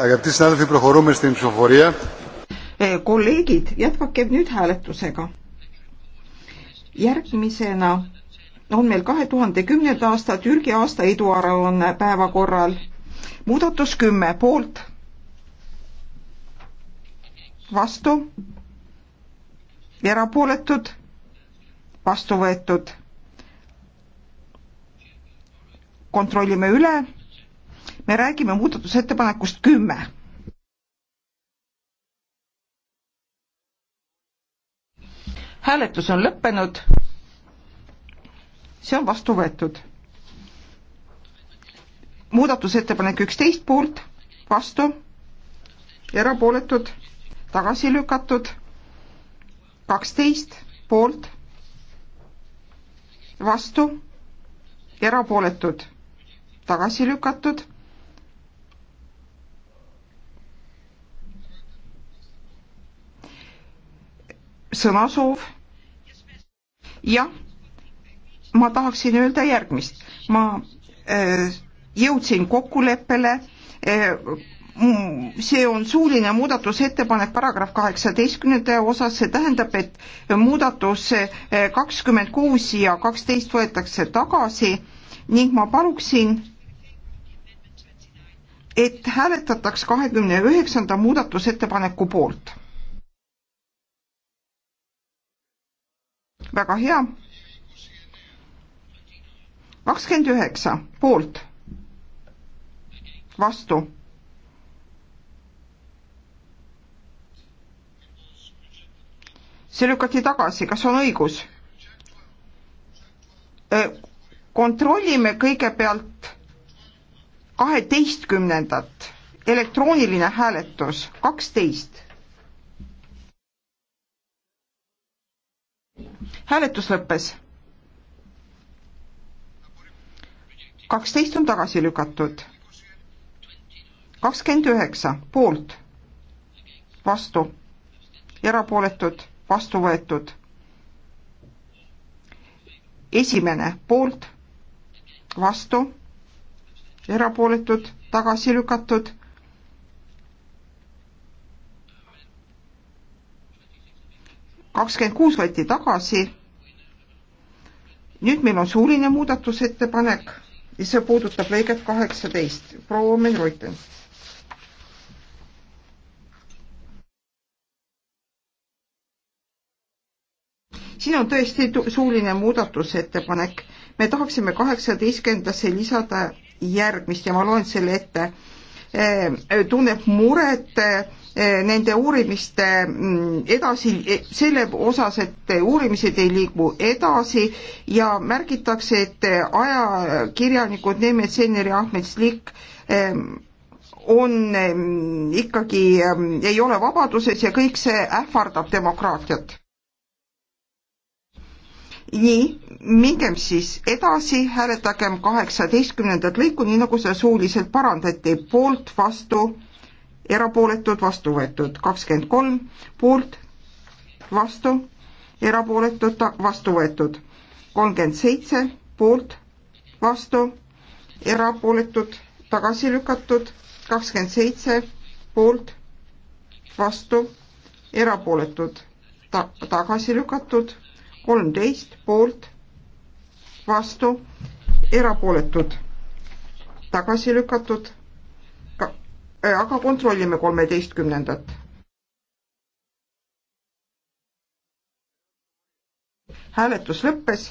Αγαπητοί συνάδελφοι, προχωρούμε στην ψηφοφορία. Kolleegid, jätkakem nüüd hääletusega. Järgmisena on meil 2010. aasta Türgi aasta eduaruanne päevakorral. Muudatus 10 poolt. Vastu. Erapooletud. Vastu võetud. Kontrollime üle me räägime muudatusettepanekust kümme. hääletus on lõppenud. see on vastu võetud. muudatusettepanek üksteist poolt, vastu, erapooletud, tagasi lükatud, kaksteist poolt, vastu, erapooletud, tagasi lükatud sõnasoov? jah, ma tahaksin öelda järgmist. ma äh, jõudsin kokkuleppele äh, see on suuline muudatusettepanek paragrahv kaheksateistkümnenda osas, see tähendab, et muudatus äh, kakskümmend kuus ja kaksteist võetakse tagasi ning ma paluksin, et hääletataks kahekümne üheksanda muudatusettepaneku poolt. väga hea. kakskümmend üheksa poolt, vastu. see lükati tagasi, kas on õigus? Äh, kontrollime kõigepealt kaheteistkümnendat, elektrooniline hääletus kaksteist hääletus lõppes. kaksteist on tagasi lükatud. kakskümmend üheksa poolt, vastu, erapooletud, vastu võetud. esimene poolt, vastu, erapooletud, tagasi lükatud kakskümmend kuus võeti tagasi, nüüd meil on suuline muudatusettepanek ja see puudutab lõiget kaheksateist. proua Omen Reuten. siin on tõesti suuline muudatusettepanek. me tahaksime kaheksateistkümnendasse lisada järgmist ja ma loen selle ette. Äh, tunneb muret äh, Eh, nende uurimiste mm, edasi, eh, selle osas, et uurimised ei liigu edasi ja märgitakse, et ajakirjanikud Nemet Senner ja Ahmed Slik eh, on ikkagi, ei ole vabaduses ja kõik see ähvardab demokraatiat. nii, mingem siis edasi, hääletagem kaheksateistkümnendat lõiku, nii nagu seda suuliselt parandati, poolt, vastu erapooletud, vastu võetud kakskümmend kolm, poolt, vastu, erapooletud, vastu võetud kolmkümmend seitse, poolt, vastu, erapooletud, tagasi lükatud, kakskümmend seitse, poolt, vastu, erapooletud, ta-, tagasi lükatud, kolmteist, poolt, vastu, erapooletud, tagasi lükatud Äh, aga kontrollime kolmeteistkümnendat. hääletus lõppes.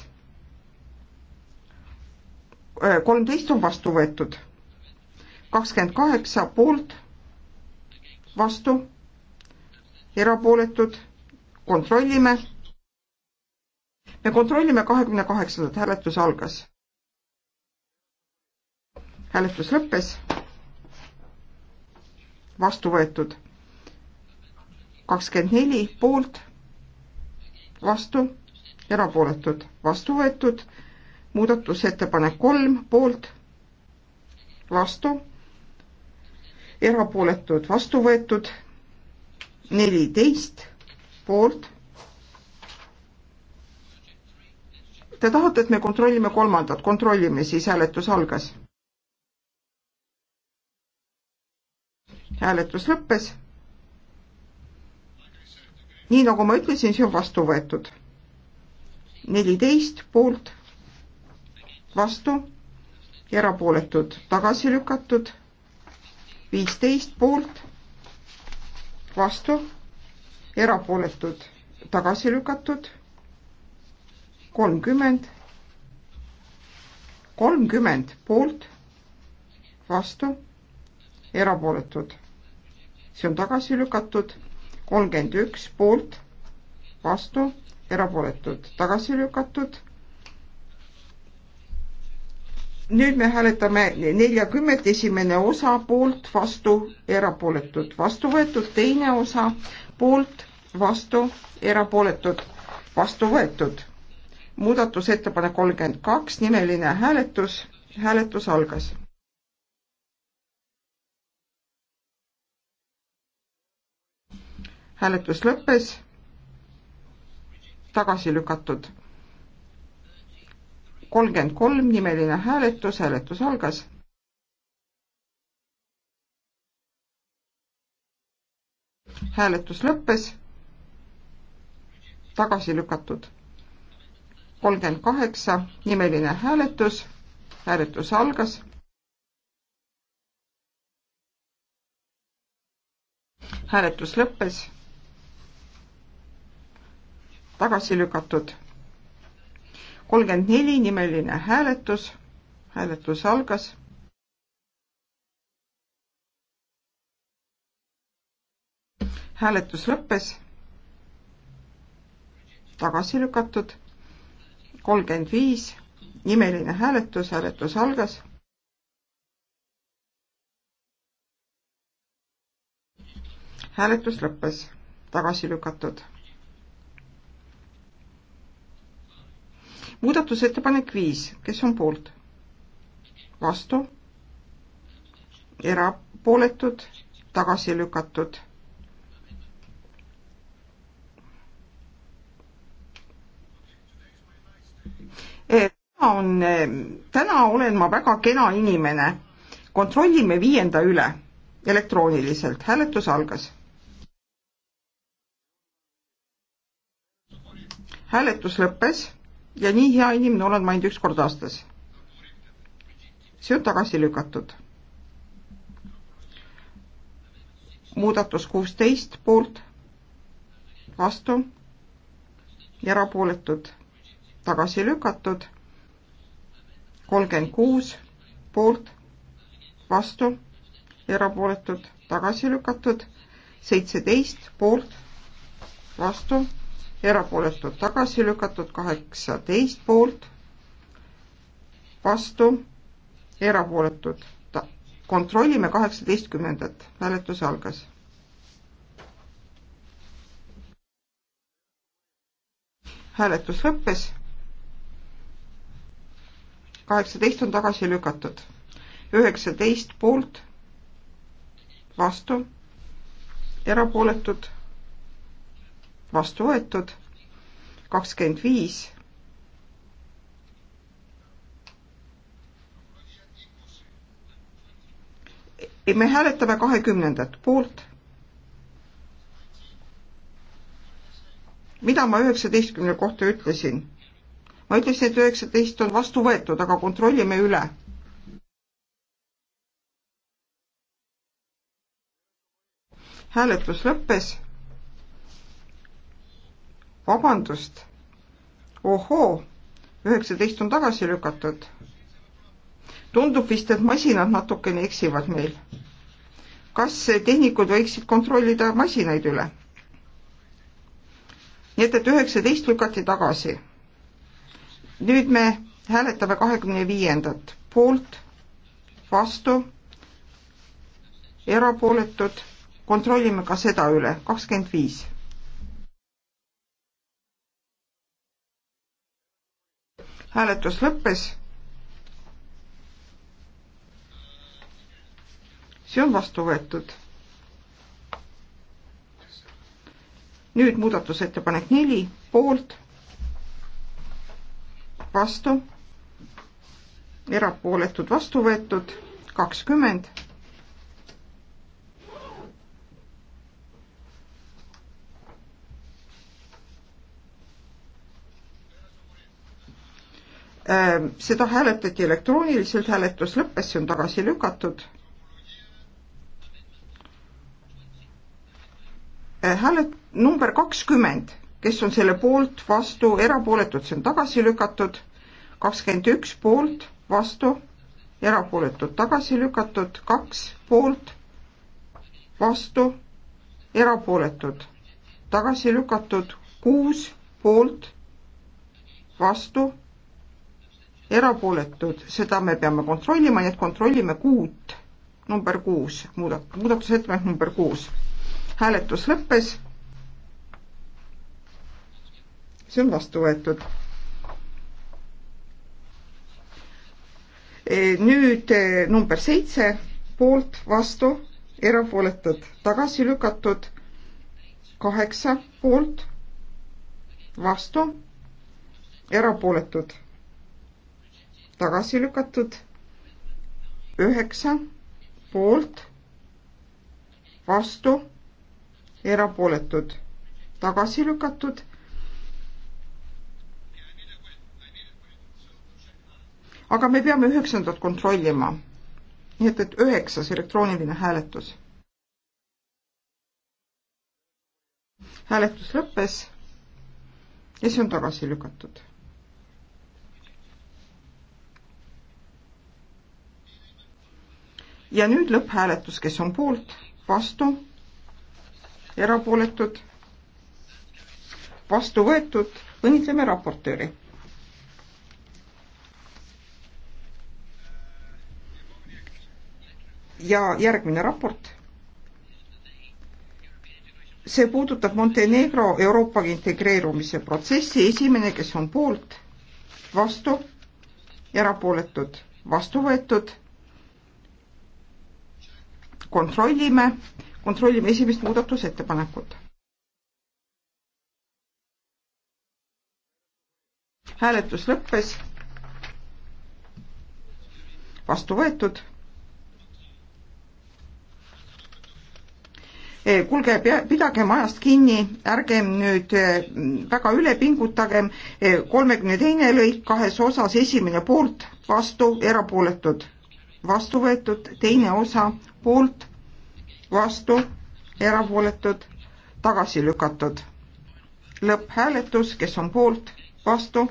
Äh, kolmteist on vastu võetud, kakskümmend kaheksa poolt, vastu, erapooletud, kontrollime. me kontrollime kahekümne kaheksandat, hääletus algas. hääletus lõppes vastu võetud. kakskümmend neli poolt, vastu, erapooletud, vastu võetud. muudatusettepanek kolm poolt, vastu, erapooletud, vastu võetud. neliteist poolt Te tahate, et me kontrollime kolmandat, kontrollime siis hääletus algas. hääletus lõppes. nii nagu ma ütlesin, see on vastu võetud. neliteist poolt, vastu, erapooletud, tagasi lükatud, viisteist poolt, vastu, erapooletud, tagasi lükatud, kolmkümmend, kolmkümmend poolt, vastu erapooletud. see on tagasi lükatud, kolmkümmend üks poolt, vastu, erapooletud, tagasi lükatud. nüüd me hääletame neljakümmet, esimene osa poolt, vastu, erapooletud, vastu võetud, teine osa poolt, vastu, erapooletud, vastu võetud. muudatusettepanek kolmkümmend kaks, nimeline hääletus, hääletus algas hääletus lõppes, tagasi lükatud. kolmkümmend kolm nimeline hääletus, hääletus algas. hääletus lõppes, tagasi lükatud. kolmkümmend kaheksa nimeline hääletus, hääletus algas hääletus lõppes tagasi lükatud. kolmkümmend neli nimeline hääletus, hääletus algas. hääletus lõppes, tagasi lükatud. kolmkümmend viis nimeline hääletus, hääletus algas. hääletus lõppes, tagasi lükatud muudatusettepanek viis, kes on poolt? vastu? erapooletud? tagasi lükatud? Eh, täna on, eh, täna olen ma väga kena inimene. kontrollime viienda üle elektrooniliselt, hääletus algas hääletus lõppes ja nii hea inimene olen ma ainult üks kord aastas. see on tagasi lükatud. muudatus kuusteist poolt, vastu, erapooletud, tagasi lükatud, kolmkümmend kuus poolt, vastu, erapooletud, tagasi lükatud, seitseteist poolt, vastu erapooletud tagasi lükatud kaheksateist poolt, vastu, erapooletud. kontrollime kaheksateistkümnendat, hääletus algas. hääletus lõppes. kaheksateist on tagasi lükatud, üheksateist poolt, vastu, erapooletud vastu võetud, kakskümmend viis me hääletame kahekümnendat poolt. mida ma üheksateistkümne kohta ütlesin? ma ütlesin, et üheksateist on vastu võetud, aga kontrollime üle. hääletus lõppes vabandust, ohoo, üheksateist on tagasi lükatud. tundub vist, et masinad natukene eksivad meil. kas tehnikud võiksid kontrollida masinaid üle? nii et, et üheksateist lükati tagasi. nüüd me hääletame kahekümne viiendat poolt, vastu, erapooletud, kontrollime ka seda üle, kakskümmend viis hääletus lõppes. see on vastu võetud. nüüd muudatusettepanek neli, poolt, vastu, erapooletud, vastu võetud, kakskümmend Ähm, seda hääletati elektrooniliselt, hääletus lõppes, see on tagasi lükatud. Äh, hääled number kakskümmend, kes on selle poolt, vastu, erapooletud, see on tagasi lükatud. kakskümmend üks poolt, vastu, erapooletud, tagasi lükatud, kaks poolt, vastu, erapooletud, tagasi lükatud, kuus poolt, vastu erapooletud, seda me peame kontrollima, nii et kontrollime kuut, number kuus, muudat-, muudatusettepanek number kuus. hääletus lõppes. see on vastu võetud. E, nüüd e, number seitse, poolt, vastu, erapooletud, tagasi lükatud, kaheksa poolt, vastu, erapooletud tagasi lükatud. üheksa poolt, vastu, erapooletud, tagasi lükatud. aga me peame üheksandat kontrollima. nii et, et üheksas elektrooniline hääletus. hääletus lõppes ja see on tagasi lükatud ja nüüd lõpphääletus, kes on poolt, vastu, erapooletud, vastu võetud, õnnitleme raportööri. ja järgmine raport. see puudutab Montenegro Euroopaga integreerumise protsessi, esimene, kes on poolt, vastu, erapooletud, vastu võetud kontrollime, kontrollime esimest muudatusettepanekut. hääletus lõppes. vastu võetud. Eh, kuulge, pidagem ajast kinni, ärgem nüüd eh, väga üle pingutagem. Eh, kolmekümne teine lõik kahes osas, esimene poolt, vastu, erapooletud vastu võetud, teine osa poolt, vastu, erapooletud, tagasi lükatud. lõpphääletus, kes on poolt, vastu,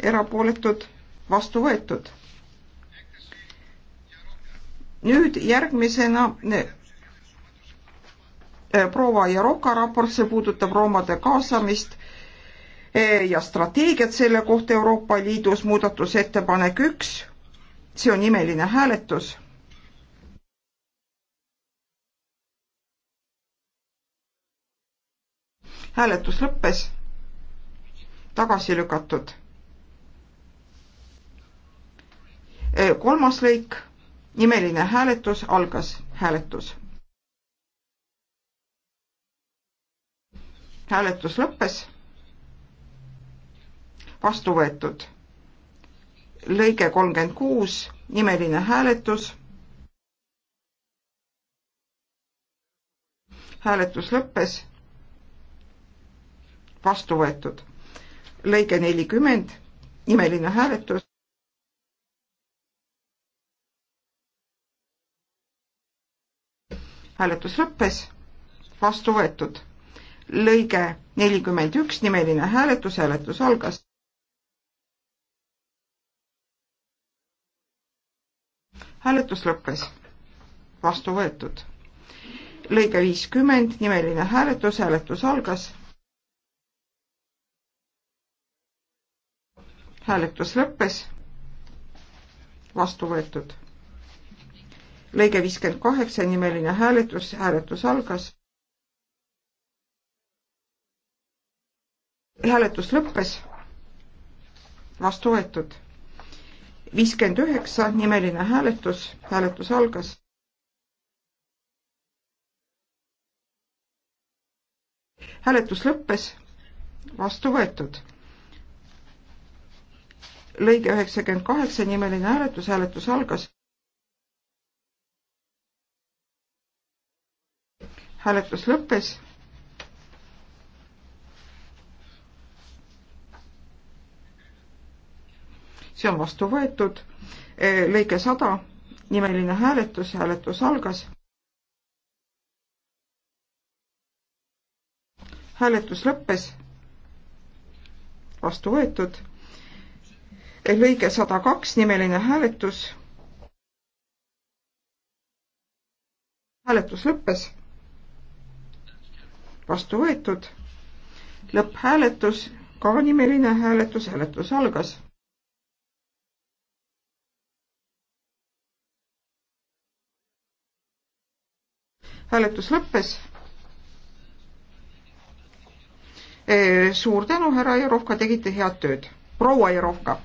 erapooletud, vastu võetud. nüüd järgmisena e, proua Jaroka raport, see puudutab roomade kaasamist e, ja strateegiat selle kohta Euroopa Liidus, muudatusettepanek üks, see on imeline hääletus hääletus lõppes, tagasi lükatud. E, kolmas lõik, nimeline hääletus, algas hääletus. hääletus lõppes, vastu võetud. lõige kolmkümmend kuus, nimeline hääletus hääletus lõppes vastu võetud. lõige nelikümmend, imeline hääletus. hääletus lõppes, vastu võetud. lõige nelikümmend üks, nimeline hääletus, hääletus algas. hääletus lõppes, vastu võetud. lõige viiskümmend, nimeline hääletus, hääletus algas hääletus lõppes. vastu võetud. lõige viiskümmend kaheksa nimeline hääletus, hääletus algas. hääletus lõppes. vastu võetud. viiskümmend üheksa nimeline hääletus, hääletus algas. hääletus lõppes. vastu võetud lõige üheksakümmend kaheksa nimeline hääletus, hääletus algas. hääletus lõppes. see on vastu võetud. E, lõige sada nimeline hääletus, hääletus algas. hääletus lõppes. vastu võetud lõige sada kaks, nimeline hääletus. hääletus lõppes. vastu võetud. lõpphääletus, ka nimeline hääletus, hääletus algas. hääletus lõppes suur tänu, härra Jerovka, tegite head tööd. proua Jerovka.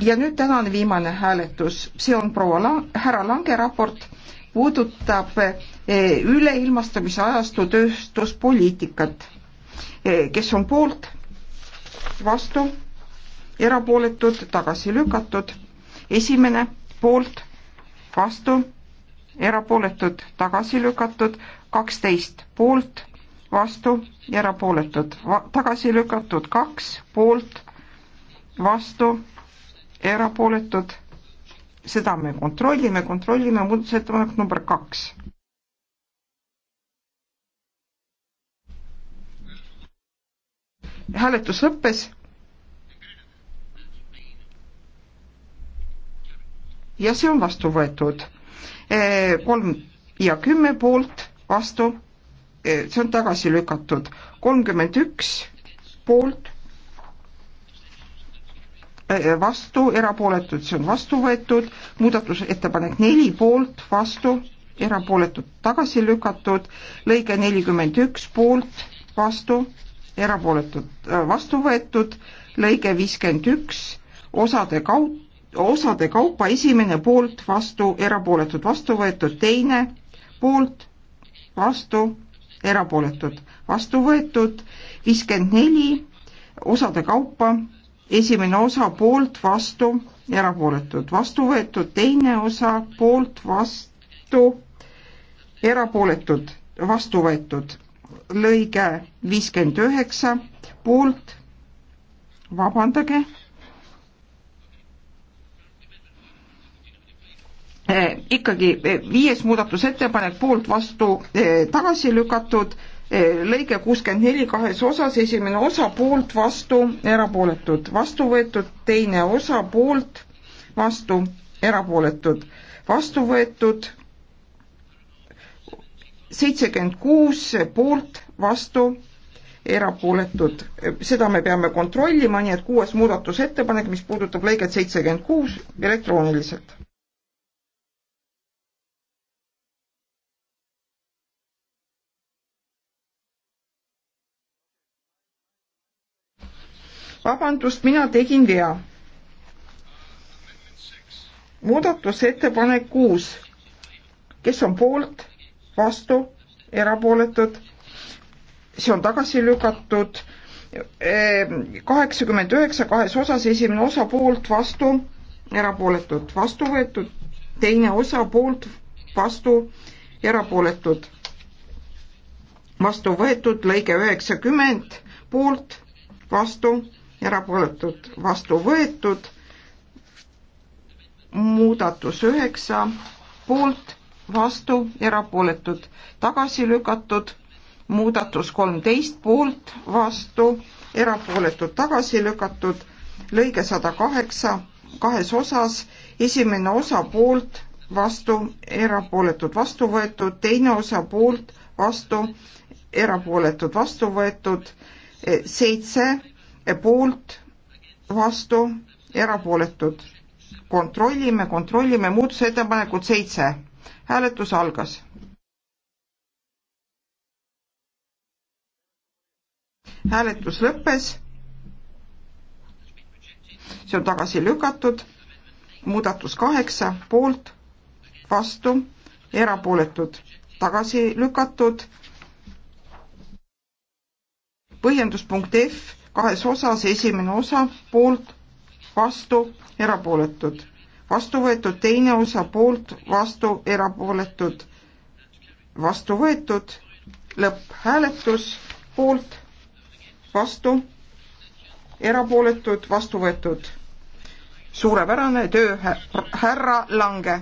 ja nüüd tänane viimane hääletus, see on proua Lang-, härra Lange raport, puudutab e, üleilmastumise ajastu tööstuspoliitikat. E, kes on poolt, vastu, erapooletud, tagasi lükatud, esimene poolt, vastu, erapooletud, tagasi lükatud, kaksteist poolt, vastu, erapooletud, tagasi lükatud, kaks poolt, vastu, erapooletud, seda me kontrollime, kontrollime muudatusettepanek number kaks. hääletus lõppes. ja see on vastu võetud. E, kolm ja kümme poolt vastu, e, see on tagasi lükatud, kolmkümmend üks poolt Äh, vastu, erapooletud, see on vastu võetud, muudatusettepanek neli poolt, vastu, erapooletud, tagasi lükatud, lõige nelikümmend üks poolt, vastu, erapooletud, äh, vastu võetud, lõige viiskümmend üks, osade kaup, osade kaupa esimene poolt, vastu, erapooletud, vastu võetud, teine poolt, vastu, erapooletud, vastu võetud, viiskümmend neli, osade kaupa esimene osa poolt, vastu, erapooletud, vastu võetud, teine osa poolt, vastu, erapooletud, vastu võetud, lõige viiskümmend üheksa, poolt, vabandage, eh, ikkagi eh, viies muudatusettepanek poolt vastu eh, tagasi lükatud lõige kuuskümmend neli kahes osas, esimene osa poolt, vastu, erapooletud, vastu võetud, teine osa poolt, vastu, erapooletud, vastu võetud, seitsekümmend kuus poolt, vastu, erapooletud, seda me peame kontrollima, nii et kuues muudatusettepanek, mis puudutab lõiget seitsekümmend kuus elektrooniliselt. vabandust, mina tegin vea. muudatusettepanek kuus, kes on poolt, vastu, erapooletud, see on tagasi lükatud ehm, kaheksakümmend üheksa kahes osas, esimene osa poolt, vastu, erapooletud, vastu võetud, teine osa poolt, vastu, erapooletud, vastu võetud, lõige üheksakümmend, poolt, vastu, erapooletud vastu võetud. muudatus üheksa, poolt, vastu, erapooletud tagasi lükatud. muudatus kolmteist, poolt, vastu, erapooletud tagasi lükatud. lõige sada kaheksa, kahes osas, esimene osa poolt, vastu, erapooletud vastu võetud, teine osa poolt, vastu, erapooletud vastu võetud, seitse poolt, vastu, erapooletud. kontrollime, kontrollime muudatusettepanekut seitse. hääletus algas. hääletus lõppes. see on tagasi lükatud. muudatus kaheksa, poolt, vastu, erapooletud, tagasi lükatud. põhjenduspunkt F kahes osas, esimene osa poolt, vastu, erapooletud. vastu võetud teine osa poolt, vastu, erapooletud. vastu võetud, lõpphääletus poolt, vastu, erapooletud, vastu võetud. suurepärane töö, härra Lange